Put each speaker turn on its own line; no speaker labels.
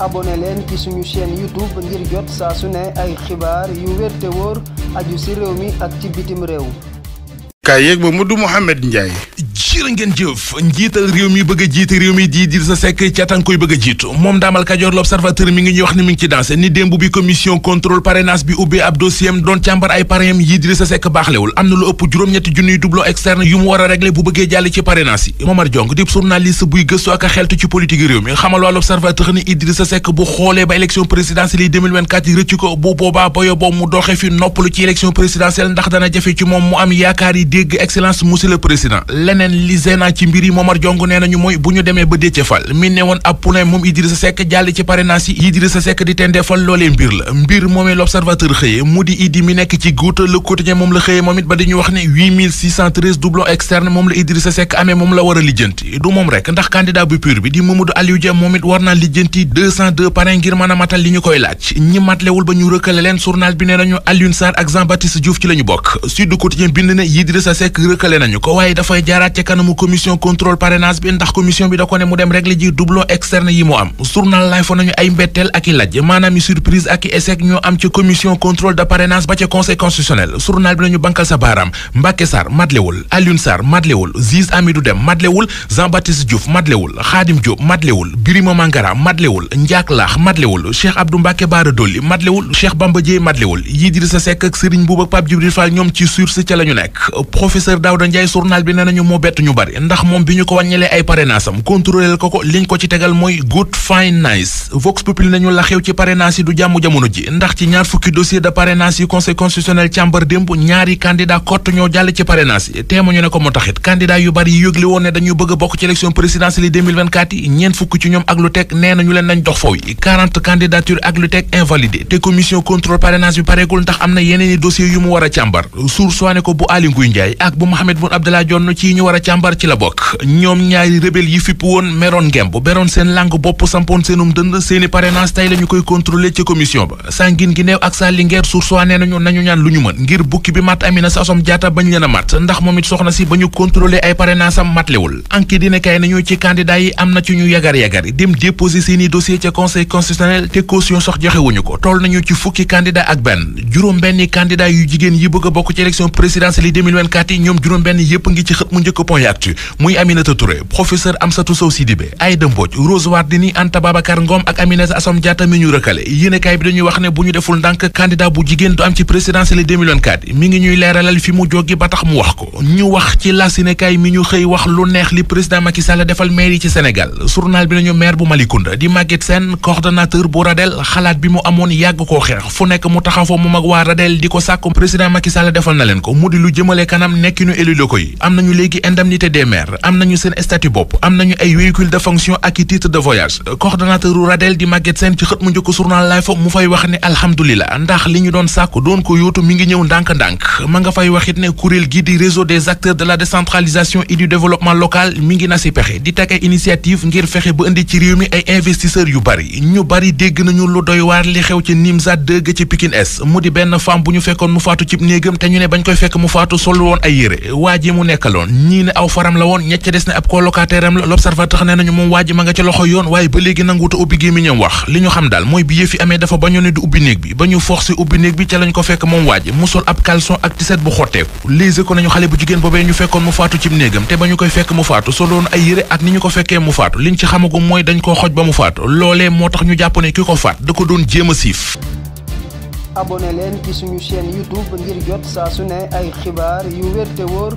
abonné leen ci suñu chaîne YouTube ngir jot saa su ne ay xibaar yu wér te wóor aju ci réew mi ak ci bitim réew. kaay yeeg ba Modou Mouhamed Ndiaye. jërë ngeen jëf njiital réew mi bëgg a jiite réew mi di Idrissa Seck ci atan koy bëgg a jiitu moom daamal Kajoor l'Observateur mi ngi ñuy wax ni mi ngi ci dansé ni démb bi commission contrôle parrainage bi ubbee ab dossier doon càmbar ay parrain yi Idrissa Seck baaxlewul am na lu ëpp juróom-ñetti junniy doublon externe yu mu war a bu bëggee jàll ci parrainage yi Momar Diong di journaliste buy gëstu ak xeltu ci politique réew mi xamal waa l'Observateur ni analyser naa ci mbir yi Momar Jong nee nañu mooy bu ñu demee ba Déthié Fall mi ne woon ab poulain moom Idrissa Seck jàll ci parrainage yi Idrissa Seck di tendeefal loolee mbir la mbir moomee l'observateur xëyee mu di Idi mi nekk ci guut le quotidien moom la xëyee moom it ba dañuy wax ne du moom rek ndax candidat bu pur bi di Mamadou Aliou Dia moom it war naa lijjanti 202 ngir mën a matal li ñu koy laaj ñi matlewul ba ñu rëkkale leen journal bi nee kanamu commission contrôle parrainage bi ndax commission bi da ko ne mu dem régler ji doublon externe yi mu am journal lay fa nañu ay mbetteel ak i laj maanaam i surprise ak i échec ñoo am ci commission contrôle de parrainage ba ca conseil constitutionnel journal bi nañu bankal sa baaraam Mbacke Sarr madlewul Alioune Sarr madlewul Ziz Amidou Dem madlewul Jean Baptiste Diouf madlewul Khadim Diop madlewul Birima Mangara madlewul Ndiak Laax madlewul Cheikh Abdou ndax moom bi ñu ko wàññilee ay parrainage am ko ko liñ ko ci tegal mooy good fine vox populi nañu la xew ci parrainage yi du jàmm jamono ji ndax ci ñaar fukki dossier de parrainage yi conseil constitutionnel càmbar démb ñaari candidat kott ñoo jàll ci parrainage yi teema ñu ne ko moo taxit candidat yu bari yi yëgle woon ne dañu bëgg bokk ci élection présidentielle yi ñeent fukki ci ñoom ak lu teg nee nañu leen nañ dox foofu yi 40 ak lu teg i jàmbaar ci la bokk ñoom ñaari rebelle yi fipp woon meroon ngemb beroon seen langue bopp sampoon seenum dënd seeni parrainage tey la koy contrôler ci commission ba sàngin gi neew ak sa lingeer sur soi nee nañu ñaan lu ñu mën ngir bukki bi mat Amina Sasom Diatta bañ leen a mat ndax moom it soxna si ba ñu contrôler ay parrainage am matlewul enquête nañu ci candidat yi am na ci ñu yagar-yagari dem déposer seeni dossier ca conseil constitutionnel te caution Actu muy Aminata Touré professeur Amsatou Sow Sidibé Aïda Mbodj Rose Wardini Anta Babacar Ngom ak Aminata Assome Diatta mi ñu rëkkale yéenekaay bi dañuy wax ne bu ñu deful ndànk candidat bu jigéen du am ci présidentielle 2024 mi ngi ñuy leeralal fi mu jógi ba tax mu wax ko ñu wax ci la sinekaay mi ñu xëy wax lu neex li président Macky Sall defal maire yi ci Sénégal journal bi nañu maire bu Malicounda di Maguette Sène coordonnateur bu Radel xalaat mu amoon yàgg koo mu taxaw fa mu mag waa Radel di ko sàkku président Macky Sall defal na leen ko mu di lu jëmale kanam nekkinu élu locaux yi indemnité des maires am nañu seen statut bopp am nañu ay véhicule de fonction ak i titre de voyage coordonnateur u Radel di Maguette Sène ci xët mu njëkk journal Life mu li ñu doon sàkku doon ko mi ngi ñëw ndànk-ndànk ma nga fay waxit ne kuréel gi di réseau des acteurs de la décentralisation et du développement local mi ngi na si pexe di teg ay initiative ngir fexe ba indi ci réew mi ay investisseurs yu bari ñu bari dégg nañu lu doy waar li xew ci Nimza dëgg ci Pikine Est mu di benn femme bu ñu fekkoon mu faatu cib néegam te ñu ne bañ koy fekk mu faatu sol woon ay yére waa ji mu nekkaloon aw faram la woon ñecc des ne ab colocataire am la l'observateur nee nañu moom waa ji ma nga ca loxo yoon waaye ba léegi nanguta ubbi gémmiñam wax li ñu xam daal mooy bi yëf yi amee dafa bañoon ne du ubbi néeg bi ba ñu forcé ubbi néeg bi ca lañ ko fekk moom waa ji ab caleçon ak tiset bu xotteeku léegi ko nañu xale bu jigéen boobee ñu fekkoon mu faatu ci néegam te ba ñu koy fekk mu faatu soloon ay yére ak ni ñu ko fekkee mu faatu liñ ci xamagu moo tax ñu jàpp ne ki ko a